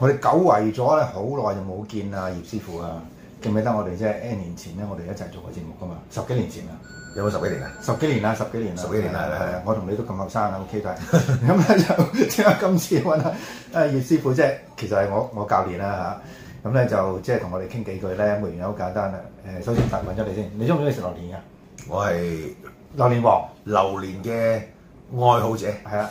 我哋久違咗咧，好耐就冇見啦，葉師傅啊，記唔記得我哋即係？N 年前咧，我哋一齊做過節目噶嘛，十幾年前啊？有冇十幾年啊？十幾年啦，十幾年啦，十幾年啦，係啊、嗯！的我同你都咁後生啊，O.K. 喺，咁咧就即係今次揾下啊葉師傅即係。其實係我我教練啦嚇，咁、啊、咧、嗯、就即係同我哋傾幾句咧，原因好簡單啦。誒、啊，首先問問咗你先，你中唔中意食榴蓮啊？我係是榴蓮王，榴蓮嘅愛好者，係啊。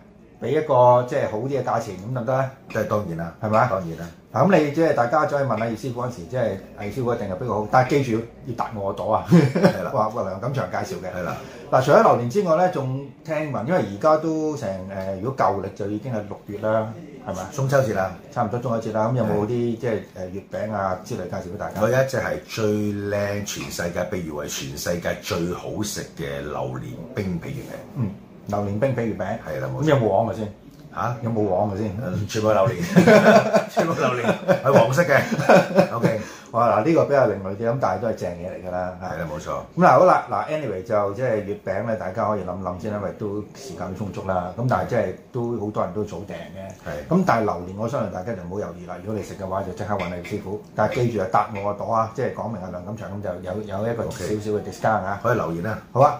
俾一個即係好啲嘅價錢咁得唔得咧？即係當然啦，係咪啊？當然啦。嗱咁你即係大家再問下葉師傅嗰陣時，即係葉師傅一定係比較好。但係記住要搭我，我朵啊！係 啦的，哇哇梁錦祥介紹嘅。係啦的。嗱、啊，除咗榴蓮之外咧，仲聽聞，因為而家都成誒、呃，如果舊歷就已經係六月啦，係咪中秋節啦，差唔多中秋節啦。咁有冇啲即係誒月餅啊之類介紹俾大家？佢一隻係最靚全世界，被譽為全世界最好食嘅榴蓮冰皮月餅。嗯。榴蓮冰皮月餅係啦，咁有冇黃嘅先？嚇，有冇黃嘅先？全部係榴蓮，全部榴蓮係黃色嘅。OK，哇嗱，呢個比較另類啲，咁但係都係正嘢嚟㗎啦。係啦，冇錯。咁嗱，好啦，嗱，anyway 就即係月餅咧，大家可以諗諗先，因為都時間都充足啦。咁但係即係都好多人都早訂嘅。係。咁但係榴蓮，我相信大家就唔好猶豫啦。如果你食嘅話，就即刻揾你師傅。但係記住啊，搭我個朵啊，即係講明阿梁錦祥咁就有有一個少少嘅 discount 啊，可以留言啊，好啊。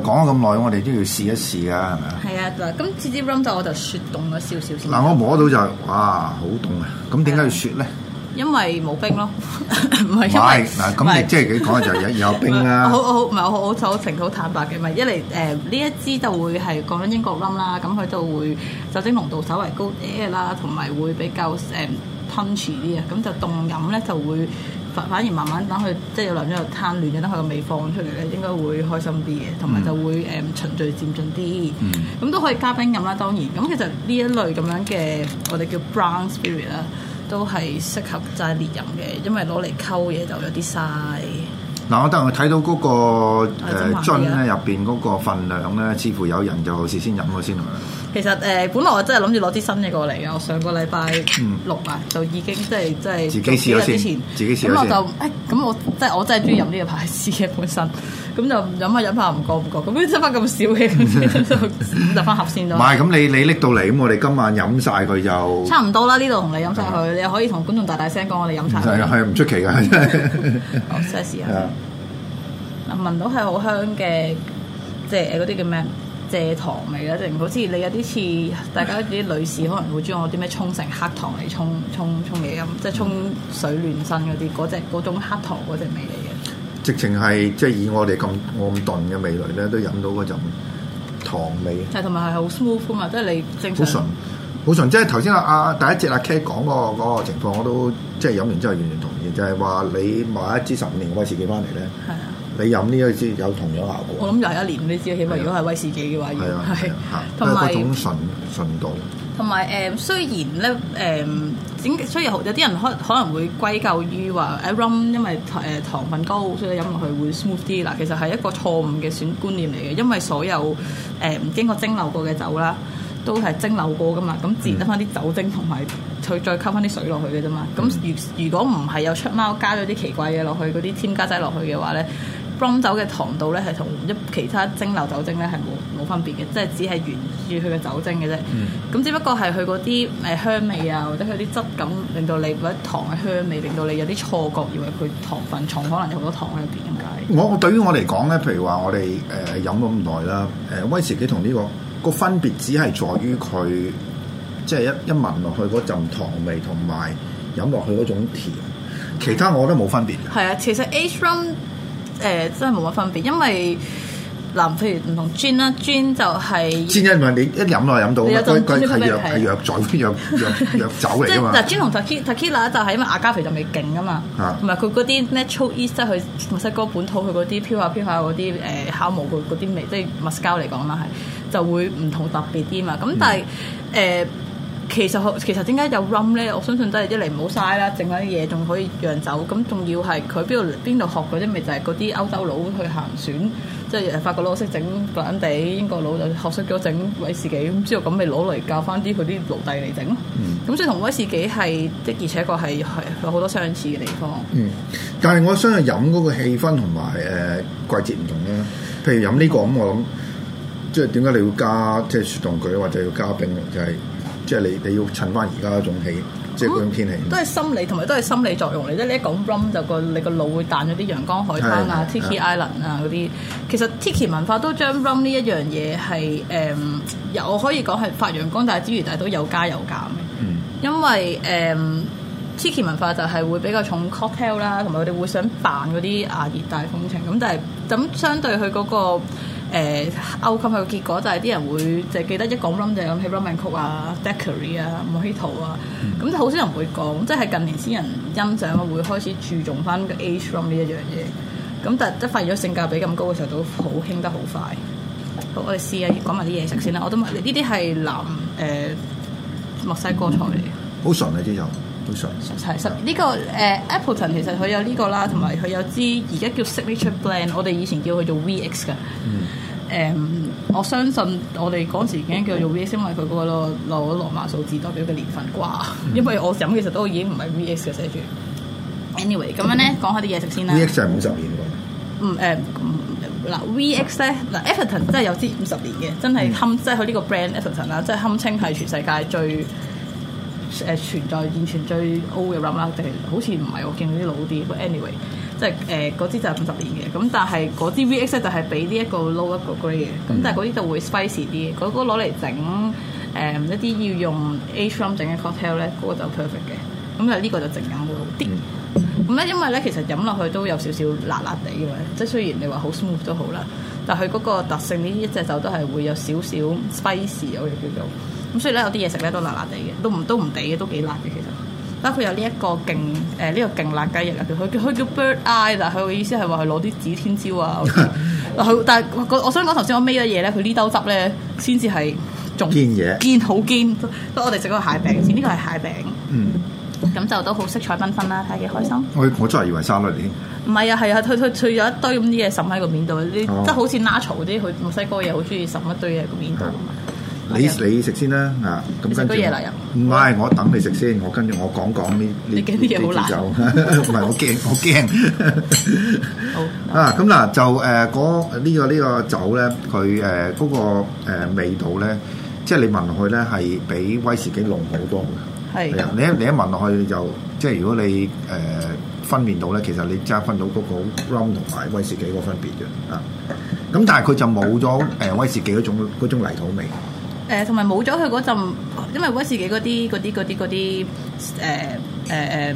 講咗咁耐，我哋都要試一試是是啊，係咪啊？係啊，咁次次 rum 就我就雪凍咗少少先。嗱，我摸到就哇，好凍啊！咁點解要雪咧？因為冇冰咯，唔 係因為嗱，咁你即係點講嘅就有有冰啦、啊。好好唔係我我好誠懇坦白嘅，咪一嚟誒呢一支就會係講緊英國 rum 啦，咁佢就會酒精濃度稍微高啲啦，同埋會比較誒渾濁啲啊，咁、嗯、就凍飲咧就會。反而慢慢等佢，即係有兩日又攤亂咗，等佢個味放出嚟咧，應該會開心啲嘅，同埋就會誒、mm. 嗯、循序漸進啲。咁都、mm. 可以加冰飲啦，當然。咁其實呢一類咁樣嘅，我哋叫 brown spirit 啦，都係適合齋烈飲嘅，因為攞嚟溝嘢就有啲嘥。嗱，我等下睇到嗰個樽咧，入邊嗰個份量咧，似乎有人就好事先飲咗先啊！其實誒、呃，本來我真係諗住攞啲新嘢過嚟嘅，我上個禮拜六啊，嗯、就已經即係即係一日之前，咁我就誒，咁先、哎、我即係我真係中意飲呢個牌子嘅本身。嗯咁就飲下飲下唔覺唔覺，咁樣執翻咁少嘅，就就翻盒先咯。唔係，咁 你你拎到嚟，咁我哋今晚飲晒，佢就差唔多啦。呢度同你飲晒，佢，你可以同觀眾大大聲講我哋飲曬。係啊係啊，唔出奇㗎。我 試,試下，的聞到係好香嘅，即係嗰啲叫咩？蔗糖味啊，定好似你有啲似大家啲女士可能會中意攞啲咩沖繩黑糖嚟沖沖沖嘢飲，即係沖水暖身嗰啲，嗰隻嗰種黑糖嗰隻味嚟嘅。直情係即係以我哋咁暗鈍嘅味蕾咧，都飲到嗰陣糖味。就係同埋係好舒服啊。 嘛，即係你正常好純，好純。即係頭先阿阿第一隻阿 K 講嗰個情況，我都即係飲完之後完全同意，就係、是、話你買一支十五年威士忌翻嚟咧， 啊、你飲呢一支有同樣效果。我諗廿一年你知，起碼如果係威士忌嘅話，係啊係啊，同埋、啊。同埋誒，雖然咧誒，點、嗯、雖然有啲人可可能會歸咎於話誒 Rum 因為誒糖分高，所以飲落去會 smooth 啲啦。其實係一個錯誤嘅選觀念嚟嘅，因為所有誒唔、嗯、經過蒸餾過嘅酒啦，都係蒸餾過㗎嘛。咁自然得返啲酒精同埋佢再溝返啲水落去嘅啫嘛。咁如、嗯、如果唔係有出貓加咗啲奇怪嘢落去，嗰啲添加劑落去嘅話咧，Rum、嗯、酒嘅糖度咧係同一其他蒸餾酒精咧係冇冇分別嘅，即係只係原。住佢嘅酒精嘅啫，咁、嗯、只不過係佢嗰啲誒香味啊，或者佢啲質感，令到你或者糖嘅香味，令到你有啲錯覺，以為佢糖分重，可能有好多糖喺入邊咁解。我對於我嚟講咧，譬如話我哋誒、呃、飲咗咁耐啦，誒、呃、威士忌同呢、呢個個分別只係在於佢即係一一聞落去嗰陣糖味同埋飲落去嗰種甜，其他我都冇分別。係、嗯、啊，其實 a g from 誒真係冇乜分別，因為。嗱，譬如唔同氈啦，氈就係、是。氈因為你一飲落，飲到。係藥酒，藥藥酒嚟噶嘛。嗱、啊，氈同 Tequila 嗱就係因為阿加肥就未勁啊嘛，同埋佢嗰啲咩 Chou e a s t 去墨西哥本土佢嗰啲飄下飄下嗰啲誒酵母嗰啲味，即係墨西哥嚟講嘛，係就會唔同特別啲嘛。咁但係誒。嗯其實其實點解有 rum 咧？我相信都係一嚟唔好嘥啦，整嗰啲嘢仲可以釀酒。咁仲要係佢邊度邊度學嗰啲，咪就係嗰啲歐洲佬去行選，即係法國佬識整白蘭地，英國佬就學識咗整威士忌。之後咁咪攞嚟教翻啲佢啲奴隸嚟整咯。咁、嗯、所以同威士忌係的而且確係係有好多相似嘅地方。嗯，但係我相信飲嗰個氣氛同埋誒季節唔同咧。譬如飲呢、這個咁，嗯、我諗即係點解你要加即係雪凍佢，或者要加冰就係、是。即係你你要襯翻而家嗰種氣，即係嗰種天氣、嗯。都係心理同埋都係心理作用嚟。即係你一講 rum 就個你個腦會彈咗啲陽光海灘的啊、Tiki Island 啊嗰啲。其實 Tiki 文化都將 rum 呢一樣嘢係誒有可以講係發揚光大之，但係之餘但係都有加有減嘅。嗯、因為誒、嗯、Tiki 文化就係會比較重 cocktail 啦，同埋佢哋會想扮嗰啲啊熱帶風情。咁但係咁相對佢嗰、嗰個。誒勾琴嘅結果就係啲人會凈、就是、記得一講 rumb 就諗起 r u m a n 曲啊，decory 啊，m 莫 t o 啊，咁、啊啊嗯、就好少人會講，即、就、係、是、近年先人欣賞會開始注重翻個 age r u m 呢一樣嘢，咁但係一發現咗性價比咁高嘅時候，都好興得好快。好，我哋試下講埋啲嘢食先啦，我都你，呢啲係南誒、呃、墨西哥菜嚟嘅，好純啊啲有。嗯嗯嗯嗯五十呢個誒、uh, Appleton 其實佢有呢、這個啦，同埋佢有，有支而家叫 Signature Blend，我哋以前叫佢做 VX 噶。誒、嗯，um, 我相信我哋嗰陣時已經叫做 VX，因為佢嗰個攞羅馬數字代表嘅年份啩。嗯、因為我諗其實都已經唔係 VX 嘅寫住。Anyway，咁樣咧講下啲嘢食先啦。VX 就係五十年喎、嗯。Uh, 嗯誒，嗱 VX 咧，嗱 Appleton、啊、真係有支五十年嘅，真係堪、嗯、即係佢呢個 brand Appleton 啦，即係堪稱係全世界最。誒存、呃、在現存最 old 嘅 rum 啦，就係好似唔係我見到啲老啲，不過 anyway，即係誒嗰支就係五十年嘅，咁但係嗰支 VX 咧就係俾呢一個 low 一個 grey 嘅，咁、嗯、但係嗰啲就會 spicy 啲，嗰、嗰個攞嚟整誒一啲要用 age rum 整嘅 cocktail 咧，嗰個就 perfect 嘅，咁啊呢個就淨飲會好啲，咁咧、嗯、因為咧其實飲落去都有少少辣辣地嘅，即係雖然你話好 smooth 都好啦，但係佢嗰個特性呢一隻酒都係會有少少 spicy 我哋叫做。咁所以咧有啲嘢食咧都辣辣地嘅，都唔都唔地嘅，都幾辣嘅其實。包括有呢一個勁誒呢、呃呢個勁辣雞翼啊，佢叫佢叫 Bird Eye，但佢嘅意思係話佢攞啲指天椒啊。Okay? 但係但係我想講頭是先我咩嘅嘢咧，佢呢兜汁咧先至係仲堅嘢，堅好堅。我哋食嗰個蟹餅、嗯、先，呢個係蟹餅。嗯，咁就都好色彩繽紛啦、啊，睇幾開心。我真係以為沙律添，唔係啊，係啊，佢佢佢咗一堆咁啲嘢滲喺個面度，哦、即係好似 nacho 嗰啲，佢墨西哥嘢好中意滲一堆嘢喺個面度。哦你你食先啦，啊，咁跟住唔係我等你食先，我跟住我講講呢呢呢啲嘢，唔係我驚，我驚。好啊，咁嗱就誒嗰呢個呢個酒咧，佢誒嗰個誒味道咧，即係你聞落去咧係比威士忌濃好多嘅。係啊，你一你一聞落去就即係如果你誒分辨到咧，其實你真係分到嗰個 rum 同埋威士忌個分別嘅啊。咁但係佢就冇咗誒威士忌嗰種嗰種泥土味。誒同埋冇咗佢嗰陣，因為威士忌嗰啲嗰啲嗰啲誒誒誒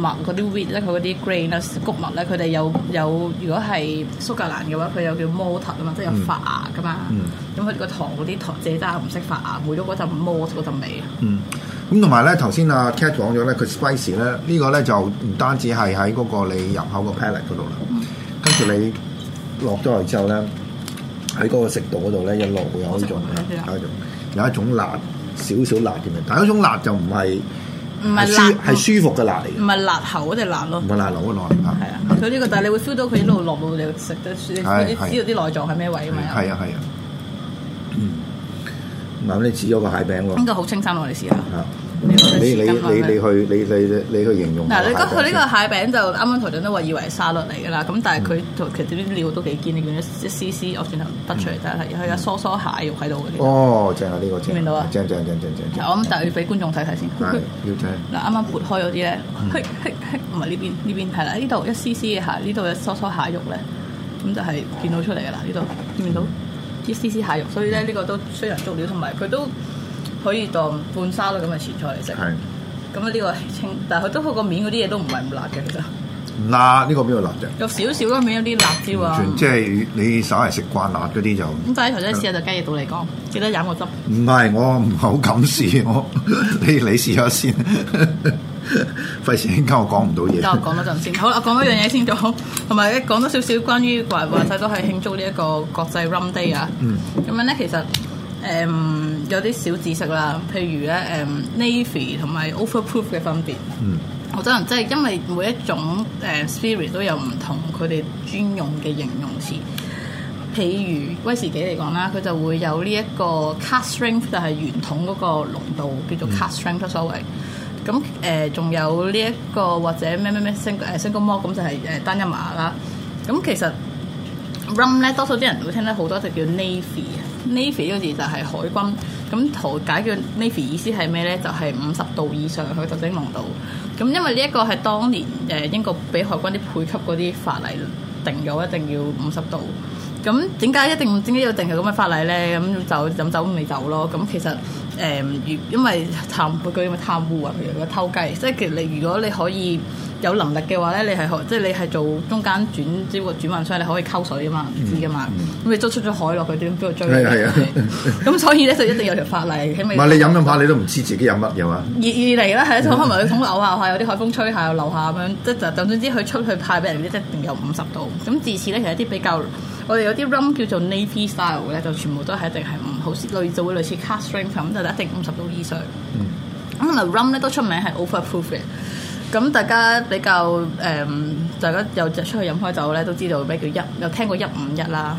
麥嗰啲 wheat 咧，佢嗰啲 grain 啦，谷物咧，佢哋有有如果係蘇格蘭嘅話，佢有叫 malt 啊嘛，即係有發芽噶嘛。咁佢個糖嗰啲糖蔗渣唔識發芽，冇咗嗰陣 malt 嗰陣味啊。嗯，咁同埋咧頭先阿 Cat 講咗咧，佢 spice 咧呢，呢，sp 呢、這個咧就唔單止係喺嗰個你入口個 palate 嗰度啦，嗯、跟住你落咗嚟之後咧喺嗰個食道嗰度咧一落會有嗰種嘅有一種辣，少少辣嘅味，但係嗰種辣就唔係唔係辣，係舒服嘅辣嚟，唔係辣喉嗰啲辣咯，唔係辣喉嗰啲辣。係啊，佢呢個，但係你會 feel 到佢一路落落嚟，食得舒服啲，知道啲內臟喺咩位啊嘛。係啊係啊，嗯，嗱，你試咗個蟹餅喎，應該好清新咯，你試下。 你你你你去你你你去形容，嗱、啊，你覺佢呢個蟹餅就啱啱台長都話以為沙律嚟噶啦，咁但係佢其實啲料都幾堅，見到一絲絲，我轉頭拔出嚟睇下，佢、嗯、有疏疏蟹肉喺度啲。哦，正啊，呢個見唔到啊？正正正正正！我諗，但係要俾觀眾睇睇先。要睇。嗱，啱啱撥開嗰啲咧，唔係呢邊，呢邊係啦，呢度一絲絲嘅蟹，呢度一疏疏蟹肉咧，咁就係見到出嚟噶啦，呢度見唔見到一絲絲蟹肉？所以咧，呢個都非常足料，同埋佢都。可以當半沙律咁嘅前菜嚟食。咁啊呢個清，但係佢都佢個面嗰啲嘢都唔係咁辣嘅，其實點點辣。辣？呢、呢個邊個辣嘅，有少少咯，面有啲辣椒啊。即係你稍為食慣辣嗰啲就。咁第一頭先試下就雞翼度嚟講，記得飲個汁。唔係我唔係好敢試我。 你你試下先，費事而家我講唔到嘢。我講多陣先。好啦、嗯，講多樣嘢先講，同埋咧講多少少關於話話曬都係慶祝呢一個國際 Rum Day 啊。嗯。咁、嗯、樣咧，其實。誒有啲小知識啦，譬如咧誒 navy 同埋 overproof 嘅分別。嗯，好多人即係因為每一種誒 spirit 都有唔同佢哋專用嘅形容詞。譬如威士忌嚟講啦，佢就會有呢一個 cask strength 就係原桶嗰個濃度，叫做 cask strength 所謂。咁誒仲有呢一個或者咩咩咩 single malt，咁就係誒單一麥啦。咁其實 rum 咧多數啲人會聽得好多就叫 navy。Navy 呢個字就係海軍，咁解解叫 Navy 意思係咩咧？就係五十度以上佢就蒸浪度，咁因為呢一個係當年誒英國俾海軍啲配給嗰啲法例定咗一定要五十度，咁點解一定點解要定係咁嘅法例咧？咁就飲酒未走咯，咁其實誒、呃，因為貪僞舉咪貪污啊，譬如個偷雞，即係你如果你可以。有能力嘅話咧，你係即係你係做中間轉，即係個轉運商，你可以溝水啊嘛，唔知噶嘛。咁、嗯嗯、你都出咗海落去，點邊個追啊？咁 所以咧就一定有條法例，起碼唔係你飲飲下，你都唔知自己飲乜嘢嘛。二二嚟咧，係咁開埋個桶嘔下下，有啲海風吹下，又流下咁樣，即就總之佢出去派俾人一定有五十度。咁自此咧，其實啲比較我哋有啲 rum 叫做 navy style 咧，就全部都係一定係唔好似類似類似 cask strength 咁，就一定五十度以、e. 上、嗯。咁同 rum 咧都出名係 overproof 嘅。咁大家比較誒、呃，大家有出去飲開酒咧，都知道咩叫一，有聽過一五一啦。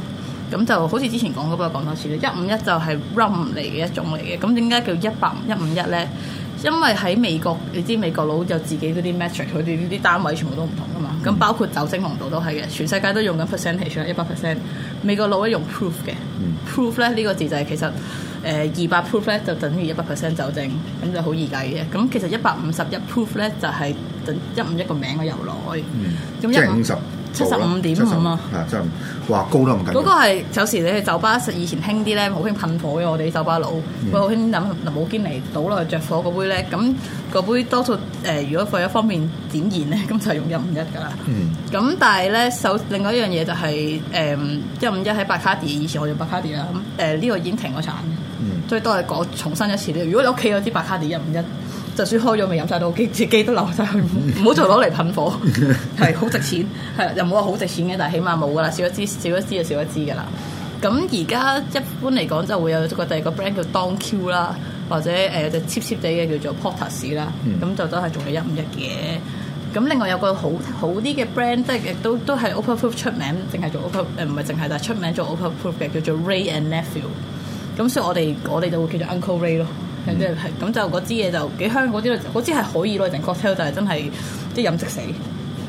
咁就好似之前講咁，我講多次咧，一五一就係 rum 嚟嘅一種嚟嘅。咁點解叫一百一五一咧？因為喺美國，你知美國佬有自己嗰啲 metric，佢哋呢啲單位全部都唔同噶嘛。咁包括酒精濃度都係嘅，全世界都用緊 percentage 啦，一百 percent。美國佬咧用 proof 嘅、嗯、proof 咧呢、呢個字就係、係、其實。誒二百 proof 咧就等於一百 percent 酒精，咁就好易計嘅。咁其實一百五十一 proof 咧就係一五一個名嘅由來。嗯、有 1, 即係五十，七十五點五啊！啊，即係話高都唔緊要。嗰個係有時你去酒吧以前興啲咧，好興噴火嘅。我哋啲酒吧佬佢好興飲林寶堅尼嚟倒落去着火嗰杯咧。咁、那、嗰、個、杯多數誒、呃，如果為咗方便點燃咧，咁就用一五一㗎啦。咁、嗯、但係咧，首另外一樣嘢就係誒一五一喺白卡迪，以前我用白卡迪啦。咁誒呢個已經停咗產。 所以都係講重申一次咧，如果你屋企有啲白卡啲一五一，1, 就算開咗，咪飲晒都，自己都留晒去，唔好再攞嚟噴火，係好 值錢，係又冇話好值錢嘅，但係起碼冇噶啦，少一支少一支就少一支噶啦。咁而家一般嚟講就會有個第二個 brand 叫 Don Q 啦，或者就、呃、cheap cheap 地嘅叫做 p o t a s 啦，咁 就都係仲係一五一嘅。咁另外有個好好啲嘅 brand，即係亦都都係 Overproof 出名，淨係做 Over 誒唔係淨係，但係出名做 Overproof 嘅叫做 Ray and Nephew。咁所以我哋我哋就會叫做 Uncle Ray 咯，咁、mm hmm. 就嗰支嘢就幾香，嗰支咧，嗰支係可以咯，成 Cocktail 就係真係即、就是、飲食死。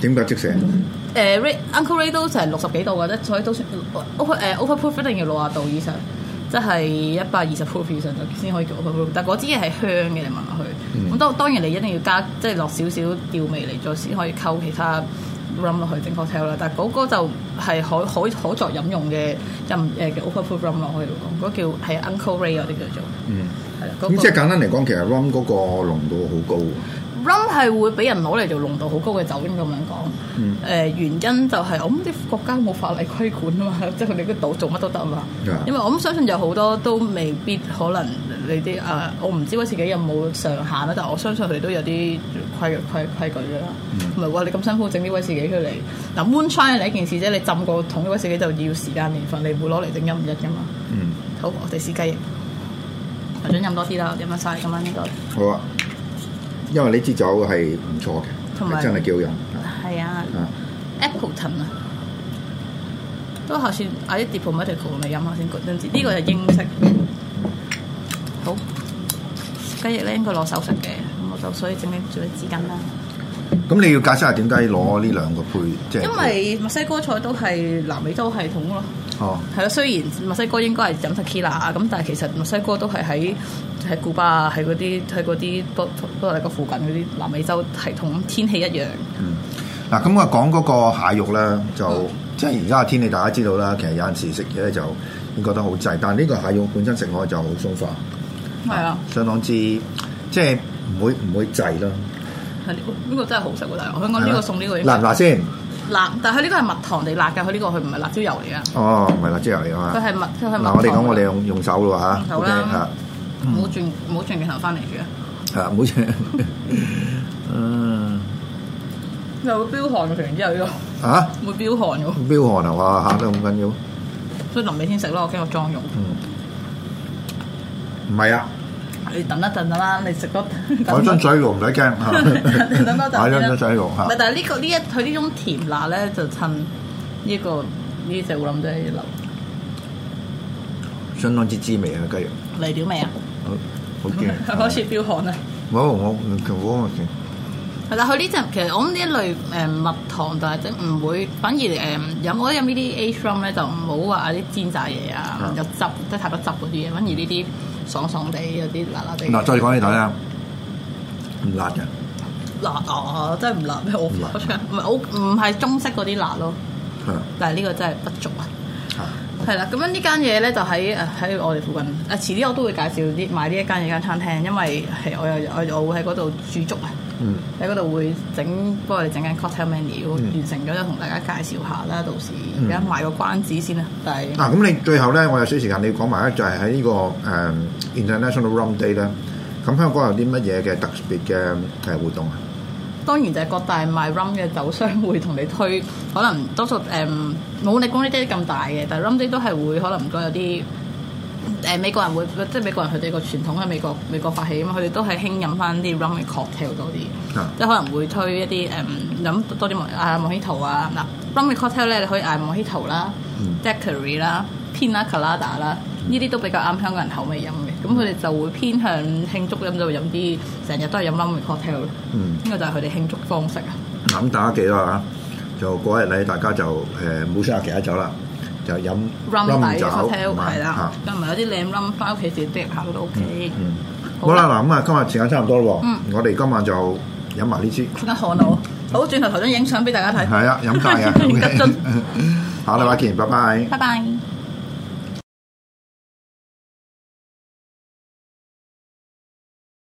點解即死啊、mm hmm. uh？Ray Uncle Ray 都成六十幾度嘅啫，所以都算。over、uh, over proof 一定要六啊度以上，即係一百二十 proof 以上就先可以叫 over proof ed，但。但嗰支嘢係香嘅，你聞落去。咁當、mm hmm. 當然你一定要加，即係落少少調味嚟，再先可以溝其他。rum 落去，整 hotel 啦，但嗰個就係可可可作飲用嘅，任誒嘅 open food rum 落去咯，嗰個叫係 Uncle Ray 嗰啲叫做。嗯，係啦。咁即係簡單嚟講，其實 rum 嗰個濃度好高喎。rum 係會俾人攞嚟做濃度好高嘅酒，應該咁樣講。嗯。誒，原因就係我諗啲國家冇法例規管啊嘛，即係佢哋啲島做乜都得啊嘛。因為我唔相信有好多都未必可能。你啲誒，我唔知威士忌有冇上限啦，但係我相信佢都有啲規約規矩嘅啦。唔係話你咁辛苦整啲威士忌出嚟，嗱，moonshine 係一件事啫。你浸過桶啲威士忌就要時間年份，你會攞嚟整飲一嘅嘛。嗯，好，我哋試雞翼，想準飲多啲啦，飲下再咁樣呢個。好啊，因為呢支酒係唔錯嘅，同埋真係幾好飲。係啊，Appleton 啊，都下次嗌啲 Diplomatico 嚟飲下先，過陣時呢個係英式。好，雞翼咧應該攞手食嘅，咁我就所以整理咗紙巾啦。咁你要解釋下點解攞呢兩個配？即、就、係、是、因為墨西哥菜都係南美洲系統咯。哦，係咯，雖然墨西哥應該係飲食 Kila 咁，但係其實墨西哥都係喺喺古巴、喺嗰啲、喺嗰啲都都係個附近嗰啲南美洲系統，天氣一樣。嗱、嗯，咁啊講嗰個蟹肉咧，就、嗯、即係而家嘅天氣，大家知道啦。其實有陣時食嘢就會覺得好滯，但係呢個蟹肉本身食落就好鬆化。係啊，相當之即係唔會唔會滯咯。呢個真係好食喎，但係香港呢個送呢個。辣唔辣先？辣，但係呢個係蜜糖地辣㗎，佢呢個佢唔係辣椒油嚟啊。哦，唔係辣椒油嚟㗎。佢係蜜，佢係蜜糖。嗱，我哋講我哋用用手咯嚇，手啦嚇，冇轉冇轉鏡頭翻嚟嘅。係，唔好轉。嗯，又會飆汗㗎，然之後呢個吓，會飆汗㗎，飆汗啊！哇，吓得咁緊要，所以臨尾先食咯，驚我妝容。唔係啊！ 你等一等啦，你食嗰……我張嘴用唔使驚，買張張嘴用唔係，但係呢個呢一佢呢種甜辣咧，就趁呢個呢隻胡林仔流，相當之滋味啊！雞肉嚟料味啊！好勁，唔好似開始飆汗啦！唔好，我唔好咁激。係啦，佢呢隻其實我諗呢一類誒蜜糖，但係即唔會，反而誒飲我飲呢啲 aged rum 咧，就唔好話啲煎炸嘢啊，又汁即係太多汁嗰啲嘢，反而呢啲。 fendimiz 爽爽地有啲辣辣地。嗱，再講呢睇啊，唔辣嘅。辣啊！真係唔辣咩？我唔係好，唔係中式嗰啲辣咯。的但係啊。呢個真係不足啊。係啊的。啦，咁樣呢間嘢咧就喺誒喺我哋附近。誒，遲啲我都會介紹啲買呢一間嘢間餐廳，因為係我又我我會喺嗰度煮粥。啊。嗯，喺嗰度會整幫我哋整緊 cocktail menu，嗯、完成咗就同大家介紹下啦。到時而家賣個關子先啦。但係嗱，咁、啊、你最後咧，我有少少時間你要講埋咧，就係喺呢個誒、uh, International Rum Day 啦。咁香港有啲乜嘢嘅特別嘅誒活動啊？當然就係各大賣 rum 嘅酒商會同你推，可能多數誒冇、um, 你工力啲咁大嘅，但係 rum day 都係會可能唔該有啲。誒美國人會即係美國人，佢哋個傳統喺美國美國發起啊嘛，佢哋都係興飲翻啲 rum cocktail 多啲，即係可能會推一啲誒飲多啲莫啊 Mojito 啊嗱，rum cocktail 咧你可以嗌 Mojito 啦、Daiquiri 啦、Pina colada 啦，呢啲都比較啱香港人口味飲嘅，咁佢哋就會偏向慶祝飲就飲啲成日都係飲 rum cocktail 咯，嗯，呢個就係佢哋慶祝方式啊。咁大家幾多啊？就過一日咧，大家就誒冇飲其他酒啦。就飲 Rum 酒，係啦，跟埋啲靚 Rum，翻屋企時釣下都 OK。嗯，好啦，嗱咁啊，今日時間差唔多咯，嗯，我哋今晚就飲埋呢支。呼吸汗路，好轉頭頭張影相俾大家睇。係啊，飲曬啊，得，下禮拜見，拜拜，拜拜。